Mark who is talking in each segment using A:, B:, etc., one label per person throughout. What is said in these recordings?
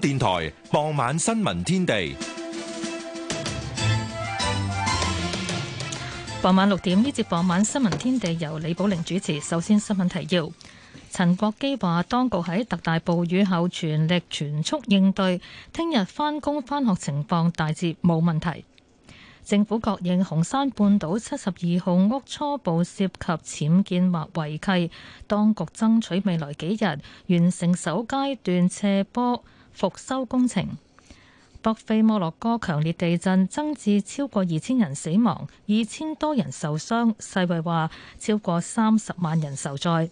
A: 電台傍晚新聞天地，
B: 傍晚六點呢
C: 節傍晚新聞天地由李寶玲主持。首先新聞提要：陳國基話，當局喺特大暴雨後全力全速應對，聽日返工返學情況大致冇問題。政府確認紅山半島七十二號屋初步涉及僭建或違契，當局爭取未來幾日完成首階段斜坡復修工程。北非摩洛哥強烈地震增至超過二千人死亡，二千多人受傷。世衛話超過三十萬人受災。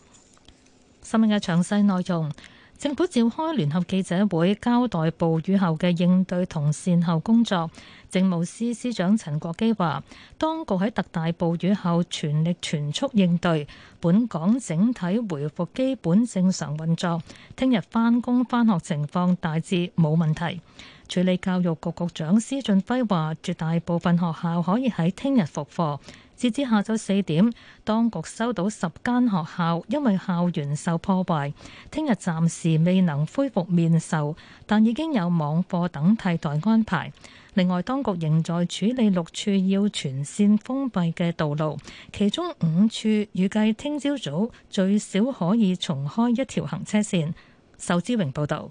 C: 新聞嘅詳細內容。政府召開聯合記者會，交代暴雨後嘅應對同善後工作。政務司司長陳國基話，當局喺特大暴雨後全力全速應對，本港整體回復基本正常運作。聽日返工返學，情況大致冇問題。處理教育局局長施俊輝話，絕大部分學校可以喺聽日復課。截至下晝四點，當局收到十間學校因為校園受破壞，聽日暫時未能恢復面授，但已經有網課等替代安排。另外，當局仍在處理六處要全線封閉嘅道路，其中五處預計聽朝早最少可以重開一條行車線。仇志榮報道。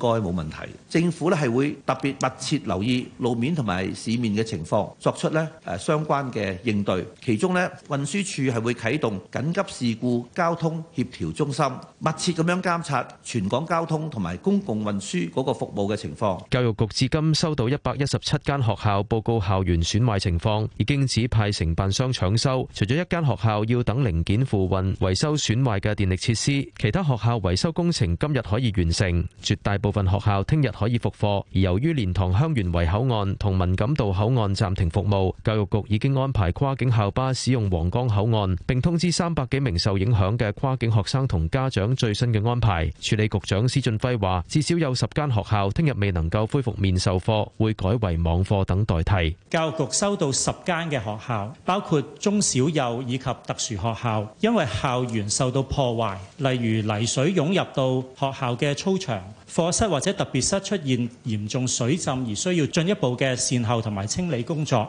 B: 該冇問題。政府咧係會特別密切留意路面同埋市面嘅情況，作出咧誒相關嘅應對。其中咧運輸處係會啟動緊急事故交通協調中心，密切咁樣監察全港交通同埋公共運輸嗰個服務嘅情況。
D: 教育局至今收到一百一十七間學校報告校園損壞情況，已經指派承辦商搶修。除咗一間學校要等零件附運維修損壞嘅電力設施，其他學校維修工程今日可以完成。絕大部分部分學校聽日可以復課，而由於蓮塘香園圍口岸同文錦渡口岸暫停服務，教育局已經安排跨境校巴使用皇崗口岸，並通知三百幾名受影響嘅跨境學生同家長最新嘅安排。署理局長施俊輝話，至少有十間學校聽日未能夠恢復面授課，會改為網課等代替。
B: 教育局收到十間嘅學校，包括中小幼以及特殊學校，因為校園受到破壞，例如泥水湧入到學校嘅操場。課室或者特別室出現嚴重水浸而需要進一步嘅善後同埋清理工作，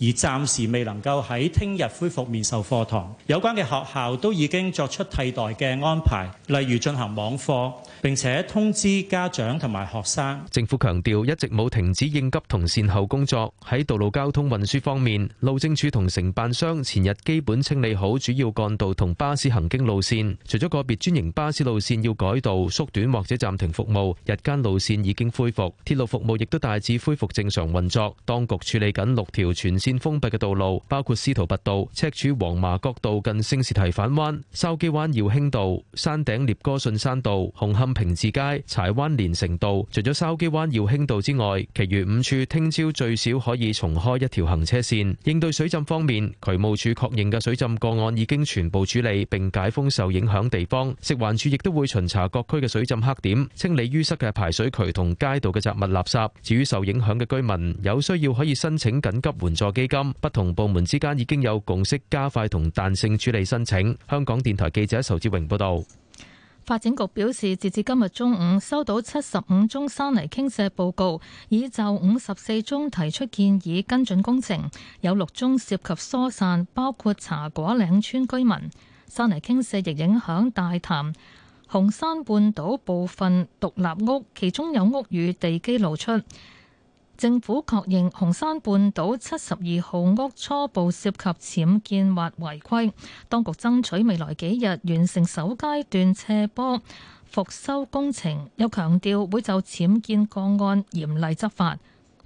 B: 而暫時未能夠喺聽日恢復面授課堂。有關嘅學校都已經作出替代嘅安排，例如進行網課，
D: 並且通知家長同埋學生。政府強調一直冇停止應急同善後工作。喺道路交通運輸方面，路政署同承辦商前日基本清理好主要幹道同巴士行經路線，除咗個別專營巴士路線要改道縮短或者暫停服務。日間路線已經恢復，鐵路服務亦都大致恢復正常運作。當局處理緊六條全線封閉嘅道路，包括司徒拔道、赤柱黃麻角道、近聖士提反灣、筲箕灣耀興道、山頂聶歌信山道、紅磡平治街、柴灣連城道。除咗筲箕灣耀興道之外，其餘五處聽朝最少可以重開一條行車線。應對水浸方面，渠務署確認嘅水浸個案已經全部處理並解封受影響地方，食環署亦都會巡查各區嘅水浸黑點，清理于。淤塞嘅排水渠同街道嘅雜物垃圾。至於受影響嘅居民，有需要可以申請緊急援助基金。不同部門之間已經有共識，加快同彈性處理申請。香港電台記者仇志榮報道。
C: 發展局表示，截至今日中午，收到七十五宗山泥傾瀉報告，已就五十四宗提出建議跟進工程，有六宗涉及疏散，包括茶果嶺村居民。山泥傾瀉亦影響大潭、紅山半島部分獨立屋，其中有屋宇地基露出。政府確認紅山半島七十二號屋初步涉及僭建或違規，當局爭取未來幾日完成首階段斜坡復修工程，又強調會就僭建個案嚴厲執法。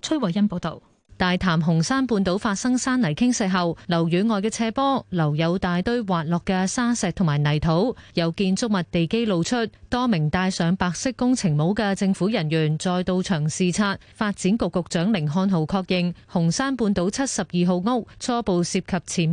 C: 崔慧欣
E: 報導。大潭紅山半島發生山泥傾瀉後，樓宇外嘅斜坡留有大堆滑落嘅沙石同埋泥土，有建築物地基露出。多名戴上白色工程帽嘅政府人員再到場視察。發展局局長甯漢豪確認，紅山半島七十二號屋初步涉及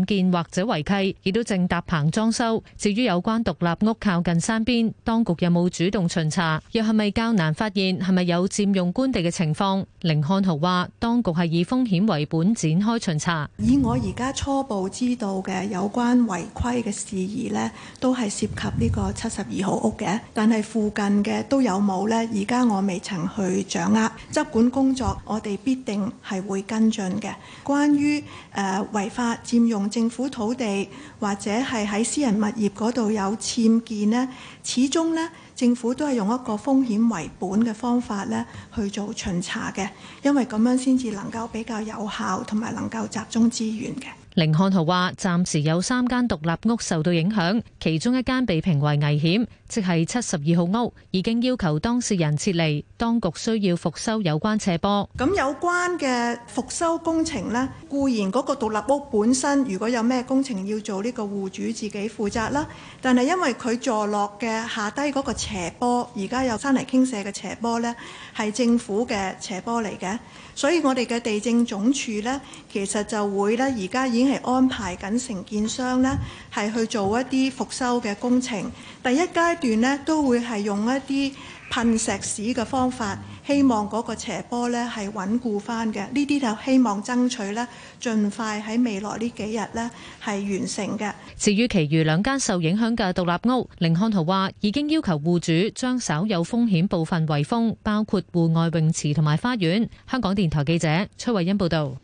E: 僭建或者違契，亦都正搭棚裝修。至於有關獨立屋靠近山邊，當局有冇主動巡查，又係咪較難發現係咪有佔用官地嘅情況？甯漢豪話：當局係以風風險為本展開巡查，以
F: 我而家初步知道嘅有關違規嘅事宜呢都係涉及呢個七十二號屋嘅。但係附近嘅都有冇呢？而家我未曾去掌握。執管工作我哋必定係會跟進嘅。關於誒違法佔用政府土地或者係喺私人物業嗰度有僭建呢，始終呢。政府都係用一個風險為本嘅方法去做巡查嘅，因為咁樣先至能夠比較有效，同埋能夠集中資源嘅。
E: 凌漢豪話：暫時有三間獨立屋受到影響，其中一間被評為危險，即係七十二號屋，已經要求當事人撤離。當局需要復修有關斜坡。
F: 咁有關嘅復修工程呢，固然嗰個獨立屋本身如果有咩工程要做，呢個戶主自己負責啦。但係因為佢坐落嘅下低嗰個斜坡，而家有山泥傾瀉嘅斜坡呢，係政府嘅斜坡嚟嘅。所以我哋嘅地政總署呢，其實就會呢，而家已經係安排緊承建商呢，係去做一啲復修嘅工程。第一階段呢，都會係用一啲噴石屎嘅方法。希望嗰個斜坡咧係穩固翻嘅，呢啲就希望爭取咧盡快喺未來呢幾日咧係完成嘅。
E: 至於其餘兩間受影響嘅獨立屋，凌漢豪話已經要求戶主將稍有風險部分圍封，包括戶外泳池同埋花園。香港電台記者崔慧欣報道。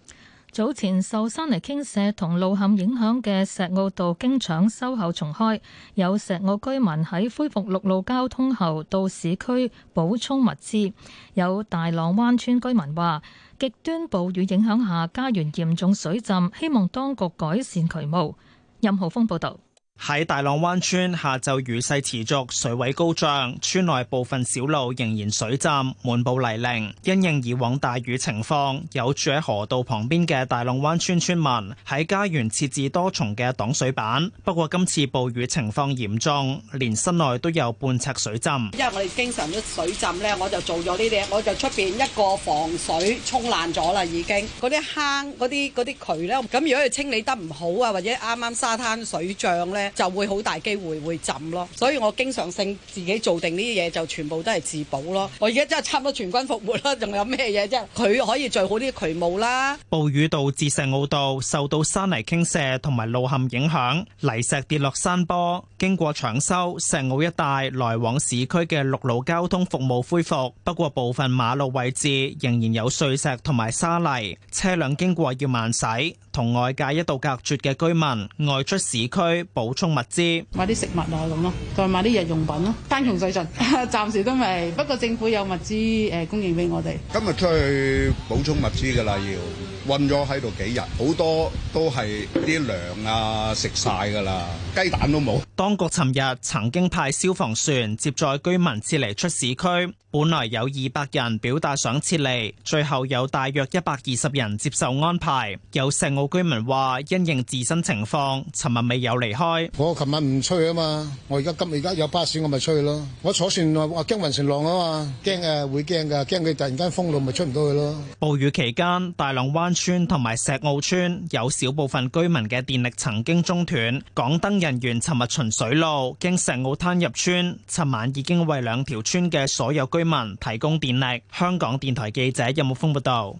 E: 早前受山泥傾瀉同路陷影響嘅石澳
C: 道經搶修後重開，有石澳居民喺恢復陸路交通後到市區補充物資，有大浪灣村居民話極端暴雨影響下，家園嚴重水浸，希望當局改善渠務。任浩
B: 峰報道。喺大浪灣村，下晝雨勢持續，水位高漲，村內部分小路仍然水浸，滿布泥濘。因應以往大雨情況，有住喺河道旁邊嘅大浪灣村村民喺家園設置多重嘅擋水板。不過今次暴雨情況嚴重，連室內都有半尺水浸。因為我
F: 哋經常都水浸呢，我就做咗呢啲，我就出邊一個防水沖爛咗啦，已經嗰啲坑、嗰啲、嗰啲渠呢，咁如果佢清理得唔好啊，或者啱啱沙灘水漲呢。就會好大機會會浸咯，所以我經常性自己做定呢啲嘢，就全部都係自保咯。我而家真係差唔多全軍覆沒啦，仲有咩嘢啫？佢可以做好啲渠務啦。
B: 暴雨導致石澳道受到山泥傾瀉同埋路陷影響，泥石跌落山坡。經過搶修，石澳一帶來往市區嘅陸路交通服務恢復，不過部分馬路位置仍然有碎石同埋沙泥，車輛經過要慢駛。同外界一度隔絕嘅居民外出市區保充物資，買啲食物啊咁咯，再買啲日用品咯，山窮水盡，暫
F: 時都未。不過政府有物資誒供應俾我哋。
B: 今日出去補充物資噶啦，要溫咗喺度幾日，好多都係啲糧啊食晒噶啦，雞蛋都冇。當局尋日曾經派消防船接載居民撤離出市區，本來有二百人表達想撤離，最後有大約一百二十人接受安排。有石澳居民話，因應自身情況，尋日未
A: 有離開。我琴晚唔出去啊嘛，我而家今而家有巴士，我咪出去咯。我坐船話驚暈船浪啊嘛，驚啊會驚㗎，驚佢突然間封路咪出唔到去咯。
B: 暴雨期間，大浪灣村同埋石澳村有少部分居民嘅電力曾經中斷。港燈人員尋日巡水路，經石澳灘入村，尋晚已經為兩條村嘅所有居民提供電力。香港電台記者任木峰報道。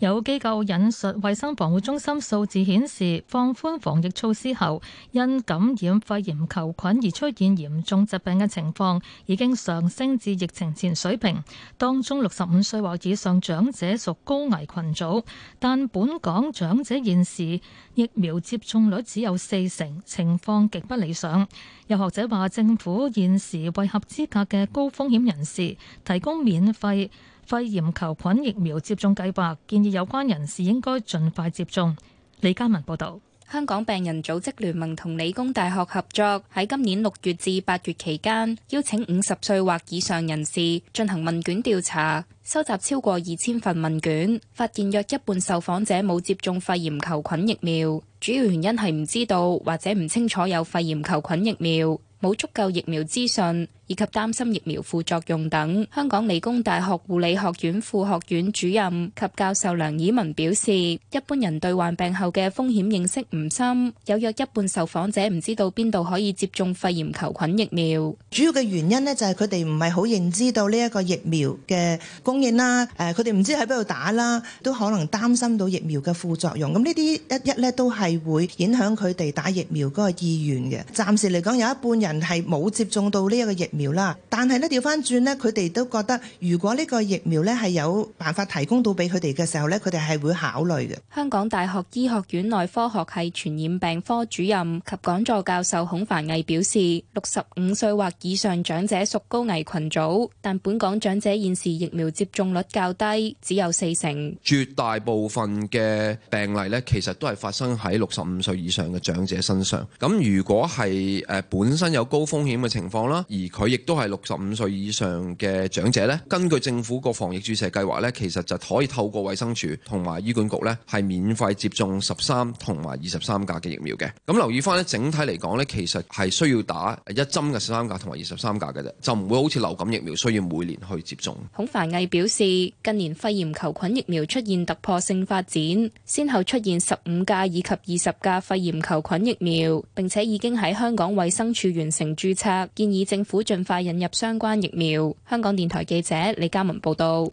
C: 有機構引述衛生防護中心數字顯示，放寬防疫措施後，因感染肺炎球菌而出現嚴重疾病嘅情況已經上升至疫情前水平。當中六十五歲或以上長者屬高危群組，但本港長者現時疫苗接種率只有四成，情況極不理想。有學者話政府現時為合資格嘅高風險人士提供免費。肺炎球菌疫苗接種計劃，建議有關人士應該盡快接種。李嘉文報道。
G: 香港病人組織聯盟同理工大學合作，喺今年六月至八月期間，邀請五十歲或以上人士進行問卷調查，收集超過二千份問卷，發現約一半受訪者冇接種肺炎球菌疫苗，主要原因係唔知道或者唔清楚有肺炎球菌疫苗，冇足夠疫苗資訊。以及擔心疫苗副作用等。香港理工大學護理學院副學院主任及教授梁以文表示，一般人對患病後嘅風險認識唔深，有約一半受訪者唔知道邊度可以接種肺炎球菌疫苗。主要嘅原因呢，就係佢哋唔係
B: 好認知到呢一個疫苗嘅供應啦，誒，佢哋唔知喺邊度打啦，都可能擔心到疫苗嘅副作用。咁呢啲一一呢，都係會影響佢哋打疫苗嗰個意願嘅。暫時嚟講，有一半人係冇接種到呢一個疫苗。苗啦，但係呢，掉返轉呢，佢哋都覺得如果呢個疫苗呢係有辦法提供到俾佢哋嘅時候呢，佢哋係會考慮嘅。
G: 香港大學醫學院內科學系傳染病科主任及講座教授孔凡毅表示，六十五歲或以上長者屬高危群組，但本港長者現時疫苗接種率較低，只有四成。
D: 絕大部分嘅病例呢，其實都係發生喺六十五歲以上嘅長者身上。咁如果係誒本身有高風險嘅情況啦，而佢亦都係六十五歲以上嘅長者呢，根據政府個防疫注射計劃呢，其實就可以透過衛生署同埋醫管局呢係免費接種十三同埋二十三價嘅疫苗嘅。咁留意翻呢，整體嚟講呢，其實係需要打一針嘅十三價同埋二十三價嘅啫，就唔會好似流感疫苗需要每年去接種。
G: 孔繁毅表示，近年肺炎球菌疫苗出現突破性發展，先後出現十五價以及二十價肺炎球菌疫苗，並且已經喺香港衛生署完成註冊，建議政府，盡快引入相關疫苗。
C: 香港電台記者李嘉文報道。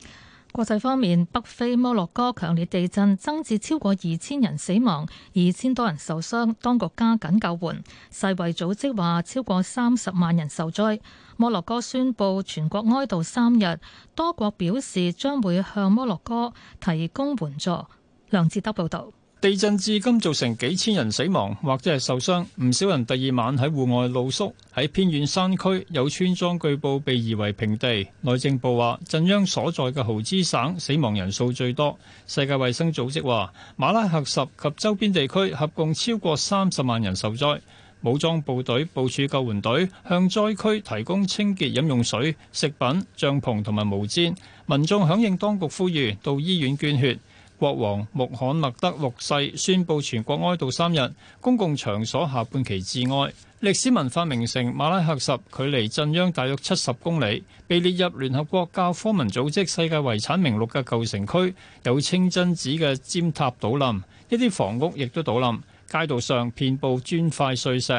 C: 國際方面，北非摩洛哥強烈地震增至超過二千人死亡，二千多人受傷，當局加緊救援。世衛組織話超過三十萬人受災。摩洛哥宣布全國哀悼三日，多國表示將會向摩洛哥提供援助。梁志德報道。
A: 地震至今造成幾千人死亡或者係受傷，唔少人第二晚喺戶外露宿。喺偏遠山區有村莊，據報被夷為平地。內政部話震央所在嘅豪資省死亡人數最多。世界衛生組織話馬拉喀什及周邊地區合共超過三十萬人受災，武裝部隊部署救援隊向災區提供清潔飲用水、食品、帳篷同埋毛氈。民眾響應當局呼籲到醫院捐血。國王穆罕默德六世宣布全國哀悼三日，公共場所下半旗致哀。歷史文化名城馬拉喀什距離震央大約七十公里，被列入聯合國教科文組織世界遺產名錄嘅舊城區，有清真寺嘅尖塔倒冧，一啲房屋亦都倒冧，街道上遍佈磚塊碎石。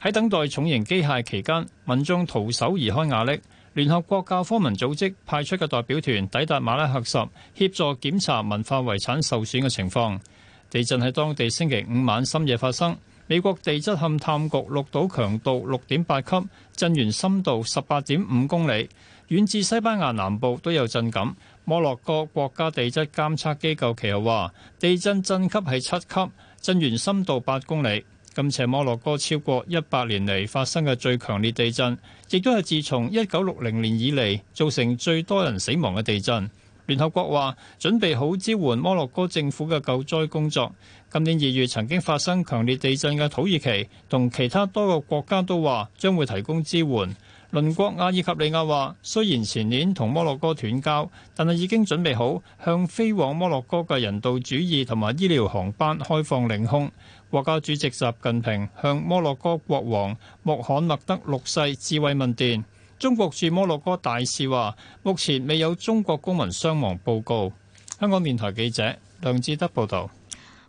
A: 喺等待重型機械期間，民眾徒手移開瓦礫。聯合國教科文組織派出嘅代表團抵達馬拉喀什，協助檢查文化遺產受損嘅情況。地震喺當地星期五晚深夜發生。美國地質勘探局錄到強度六點八級，震源深度十八點五公里，遠至西班牙南部都有震感。摩洛哥國，國家地質監測機構其後話，地震震級係七級，震源深度八公里。今次摩洛哥超過一百年嚟發生嘅最強烈地震，亦都係自從一九六零年以嚟造成最多人死亡嘅地震。聯合國話準備好支援摩洛哥政府嘅救災工作。今年二月曾經發生強烈地震嘅土耳其同其他多個國家都話將會提供支援。鄰國阿爾及利亞話，雖然前年同摩洛哥斷交，但係已經準備好向飛往摩洛哥嘅人道主義同埋醫療航班開放領空。國家主席習近平向摩洛哥國王穆罕默德六世致慰問電。中國駐摩洛哥大使話，目前未有中國公民傷亡報告。香港電台記者梁志德報道。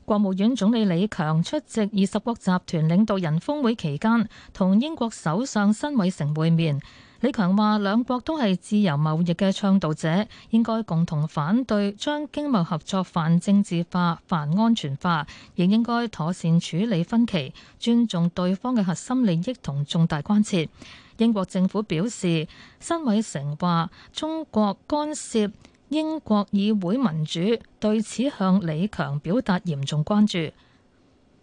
C: 國務院總理李強出席二十國集團領導人峰會期間，同英國首相辛偉誠會面。李強話：兩國都係自由貿易嘅倡導者，應該共同反對將經貿合作泛政治化、泛安全化，亦應該妥善處理分歧，尊重對方嘅核心利益同重大關切。英國政府表示，辛偉誠話中國干涉英國議會民主，對此向李強表達嚴重關注。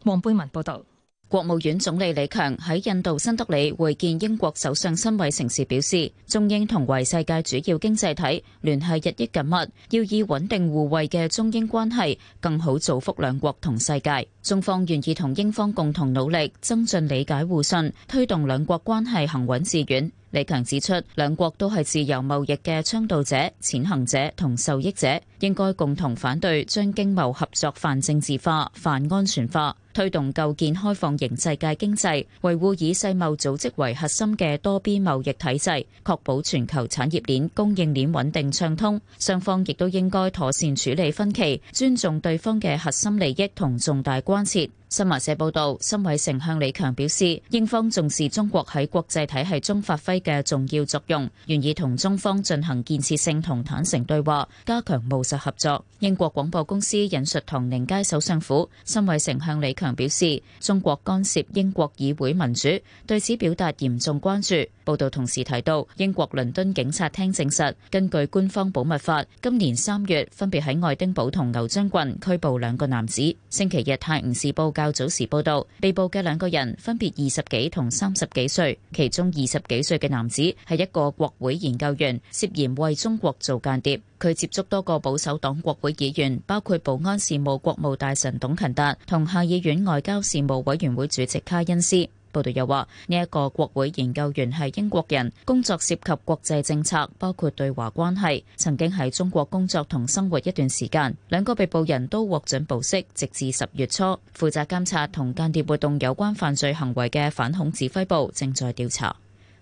C: 黃貝文報道。
H: 國務院總理李強，喺印度新德里，會見英國首相辛偉誠時表示，中英同為世界主要經濟體，聯繫日益緊密，要以穩定互惠嘅中英關係，更好造福兩國同世界。中方願意同英方共同努力，增進理解互信，推動兩國關係行穩致遠。李強指出，兩國都係自由貿易嘅倡導者、踐行者、同受益者，應該共同反對，將經貿合作泛政治化、泛安全化。推動構建開放型世界經濟，維護以世貿組織為核心嘅多邊貿易體制，確保全球產業鏈供應鏈穩定暢通。雙方亦都應該妥善處理分歧，尊重對方嘅核心利益同重大關切。新華社報道，辛偉誠向李強表示，英方重視中國喺國際體系中發揮嘅重要作用，願意同中方進行建設性同坦誠對話，加強務實合作。英國廣播公司引述唐寧街首相府，辛偉誠向李強表示，中國干涉英國議會民主，對此表達嚴重關注。報道同時提到，英國倫敦警察廳證實，根據官方保密法，今年三月分別喺愛丁堡同牛津郡拘捕兩個男子。星期日《泰晤士報》較早時報道，被捕嘅兩個人分別二十幾同三十幾歲，其中二十幾歲嘅男子係一個國會研究員，涉嫌為中國做間諜。佢接觸多個保守黨國會議員，包括保安事務國務大臣董勤達同下議院外交事務委員會主席卡恩斯。報道又話，呢、這、一個國會研究員係英國人，工作涉及國際政策，包括對華關係，曾經喺中國工作同生活一段時間。兩個被捕人都獲准保釋，直至十月初。負責監察同間諜活動有關犯罪行為嘅反恐指揮部正在調查。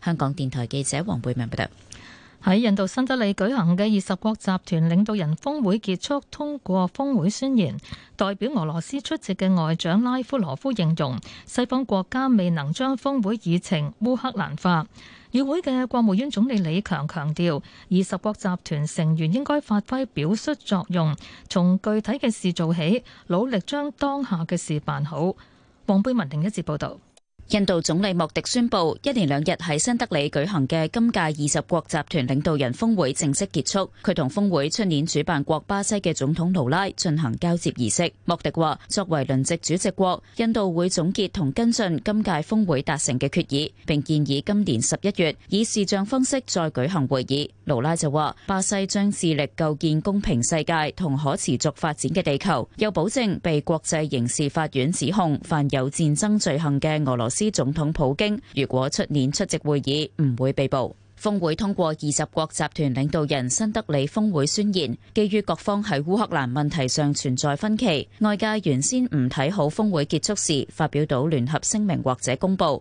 H: 香港電台記者黃慧明報道。
C: 喺印度新德里舉行嘅二十國集團領導人峰會結束，通過峰會宣言。代表俄羅斯出席嘅外長拉夫羅夫形容，西方國家未能將峰會議程烏克蘭化。與會嘅國務院總理李強強調，二十國集團成員應該發揮表率作用，從具體嘅
H: 事做起，努力將當下嘅事辦好。黃貝文另一節報道。印度總理莫迪宣布，一連兩日喺新德里舉行嘅今屆二十國集團領導人峰會正式結束。佢同峰會出年主辦國巴西嘅總統盧拉進行交接儀式。莫迪話，作為輪值主席國，印度會總結同跟進今屆峰會達成嘅決議，並建議今年十一月以視像方式再舉行會議。盧拉就話，巴西將致力構建公平世界同可持續發展嘅地球，又保證被國際刑事法院指控犯有戰爭罪行嘅俄羅斯總統普京，如果出年出席會議，唔會被捕。峰會通過二十國集團領導人新德里峰會宣言，基於各方喺烏克蘭問題上存在分歧，外界原先唔睇好峰會結束時發表到聯合聲明或者公佈。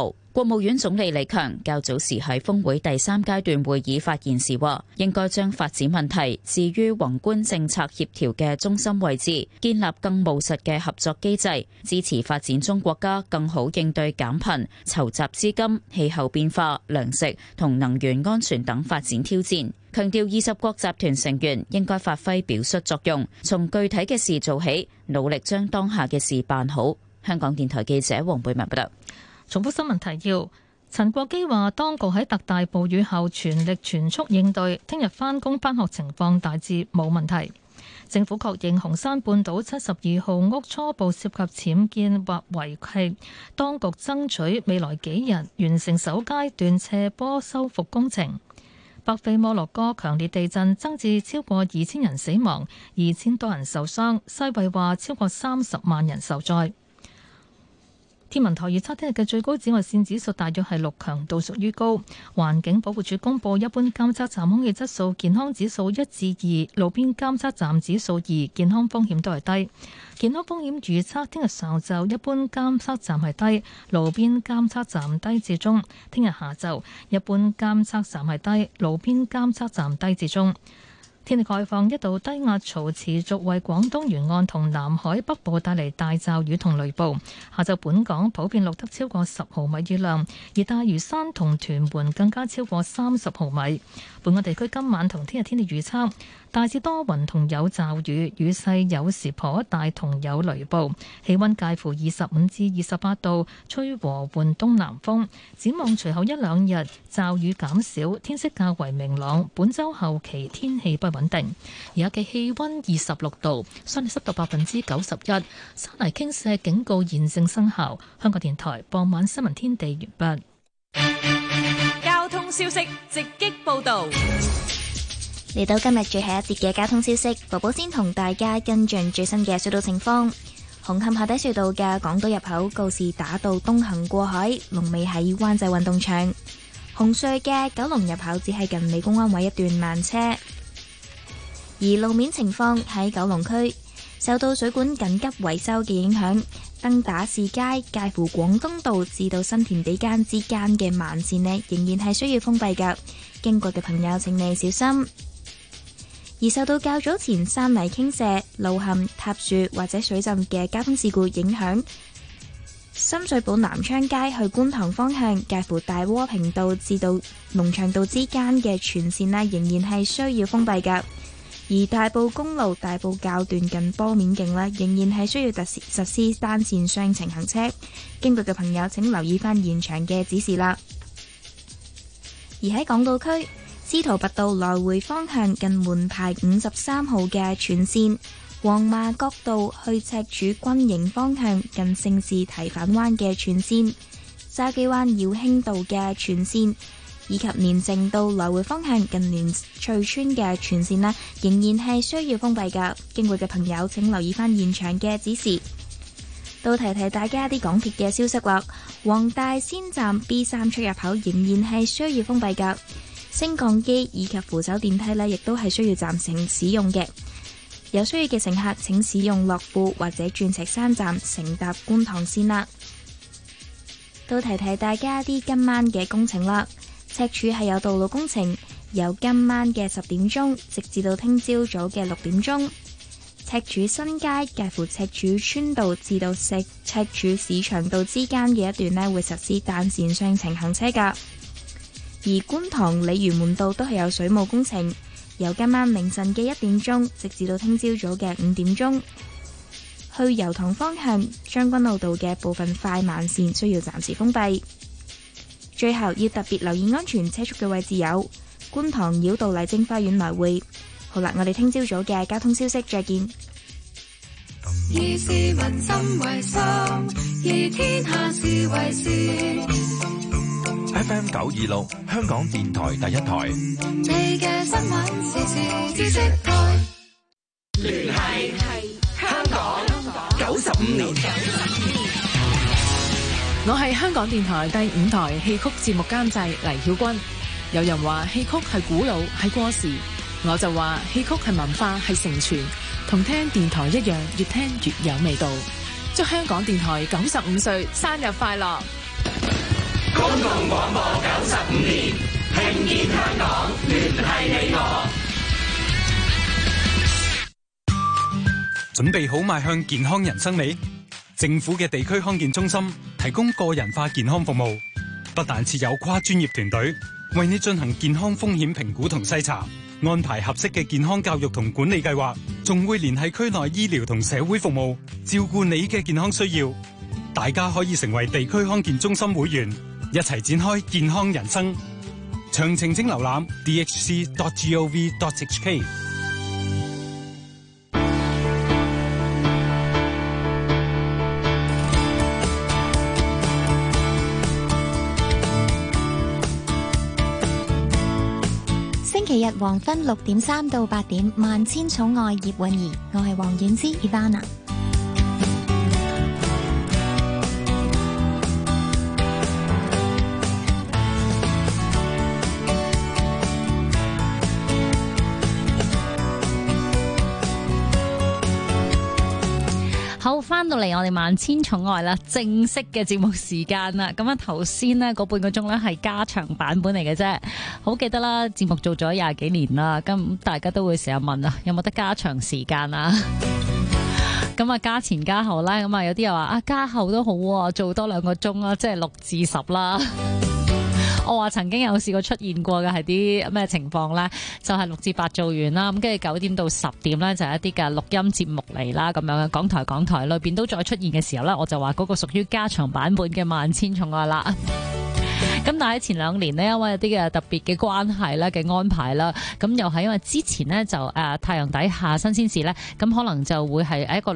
H: 國務院總理李強較早時喺峰會第三階段會議發言時話，應該將發展問題置於宏觀政策協調嘅中心位置，建立更務實嘅合作機制，支持發展中國家更好應對減貧、籌集資金、氣候變化、糧食同能源安全等發展挑戰。強調二十國集團成員應該發揮表率作用，從具體嘅事做起，努力將當下嘅事辦好。香港電台記者黃貝文報道。重複新聞提要。陳國基話：當局喺特大暴雨後全力全速
C: 應對，聽日返工返學情況大致冇問題。政府確認紅山半島七十二號屋初步涉及僭建或違規，當局爭取未來幾日完成首階段斜坡修復工程。北非摩洛哥強烈地震增至超過二千人死亡，二千多人受傷。世衛話超過三十萬人受災。天文台預測聽日嘅最高紫外線指數大約係六，強度屬於高。環境保護署公佈，一般監測站空氣質素健康指數一至二，路邊監測站指數二，健康風險都係低。健康風險預測，聽日上晝一般監測站係低，路邊監測站低至中。聽日下晝一般監測站係低，路邊監測站低至中。天氣概況：一道低壓槽持續為廣東沿岸同南海北部帶嚟大驟雨同雷暴。下晝本港普遍錄得超過十毫米雨量，而大嶼山同屯門更加超過三十毫米。本港地區今晚同聽日天氣預測。大致多雲同有驟雨，雨勢有時頗大同有雷暴，氣温介乎二十五至二十八度，吹和緩東南風。展望隨後一兩日驟雨減少，天色較為明朗。本周後期天氣不穩定，而家嘅氣温二十六度，相對濕度百分之九十一，山泥傾瀉警告現正生效。香港電台傍晚新
I: 聞天地完畢。
E: 交通消息直擊報道。
I: 嚟到今日最後一節嘅交通消息，寶寶先同大家跟進最新嘅隧道情況。紅磡海底隧道嘅港島入口告士打道東行過海，龍尾喺灣仔運動場。紅隧嘅九龍入口只係近尾公安位一段慢車，而路面情況喺九龍區受到水管緊急維修嘅影響，登打士街介乎廣東道至到新填地街之間嘅慢線呢，仍然係需要封閉噶，經過嘅朋友請你小心。而受到較早前山泥傾瀉、路陷、塌樹或者水浸嘅交通事故影響，深水埗南昌街去觀塘方向介乎大窩坪道至到農場道之間嘅全線啊，仍然係需要封閉嘅。而大埔公路大埔滘段近波面徑咧，仍然係需要實施單線雙程行車。經過嘅朋友請留意返現場嘅指示啦。而喺港島區，.司徒拔道來回方向近門牌五十三號嘅全線，黃麻角道去赤柱軍營方向近聖士提反灣嘅全線，沙基灣耀興道嘅全線，以及連城道來回方向近連翠村嘅全線啦，仍然係需要封閉噶。經過嘅朋友，請留意翻現場嘅指示。到提提大家啲港鐵嘅消息啦，黃大仙站 B 三出入口仍然係需要封閉噶。升降機以及扶手電梯呢，亦都係需要暫停使用嘅。有需要嘅乘客，請使用樂富或者鑽石山站乘搭觀塘綫啦。都提提大家啲今晚嘅工程啦，赤柱係有道路工程，由今晚嘅十點鐘直至到聽朝早嘅六點鐘，赤柱新街介乎赤柱村道至到石赤柱市場道之間嘅一段呢，會實施單綫雙程行車噶。而觀塘鯉魚門道都係有水務工程，由今晚凌晨嘅一點鐘直至到聽朝早嘅五點鐘，去油塘方向將軍澳道嘅部分快慢線需要暫時封閉。最後要特別留意安全車速嘅位置有觀塘繞道麗晶花園來回。好啦，我哋聽朝早嘅交通消息，再見。
C: 以市民心為心，以天下事為先。
A: FM 九二六，香港電台第一台。
C: 你
F: 嘅新聞時事知識台，
A: 聯繫
F: 香
G: 港九十五年。
F: 我係香港電台第五台戲曲節目監製黎曉君。有人話戲曲係古老
C: 係過時，我就話戲曲係文化係承傳，同聽電台一樣，越聽越有味道。祝香港電台九十五歲生日快樂！
G: 公共廣播九十五年，聽見香港，聯
H: 繫你我。
A: 準備好邁向健康人生未？政府嘅地區康健中心提供個人化健康服務，不但設有跨專業團隊為你進行健康風險評估同篩查，安排合適嘅健康教育同管理計劃，仲會聯繫區內醫療同社會服務照顧你嘅健康需要。大家可以成為地區康健中心會員。一齊展開健康人生，詳情請瀏覽 dhc.gov.hk。
I: 星期日黃昏六點三到八點，萬千寵愛葉蘊儀，我係王菀之葉安娜。Ivana
E: 好，翻到嚟我哋萬千寵愛啦，正式嘅節目時間啦。咁啊，頭先咧嗰半個鐘咧係加長版本嚟嘅啫。好記得啦，節目做咗廿幾年啦，咁大家都會成日問啊，有冇得加長時間啊？咁 啊，加前加後啦，咁啊有啲又話啊加後都好啊，做多兩個鐘啦，即係六至十啦。我話曾經有試過出現過嘅係啲咩情況咧，就係、是、六至八做完啦，咁跟住九點到十點咧就係、是、一啲嘅錄音節目嚟啦，咁樣嘅港台港台裏邊都再出現嘅時候咧，我就話個屬於加長版本嘅《萬千寵愛、啊》啦。咁但係前兩年咧，因為有啲嘅特別嘅關係咧嘅安排啦，咁又係因為之前咧就誒太陽底下新鮮事咧，咁可能就會係一個。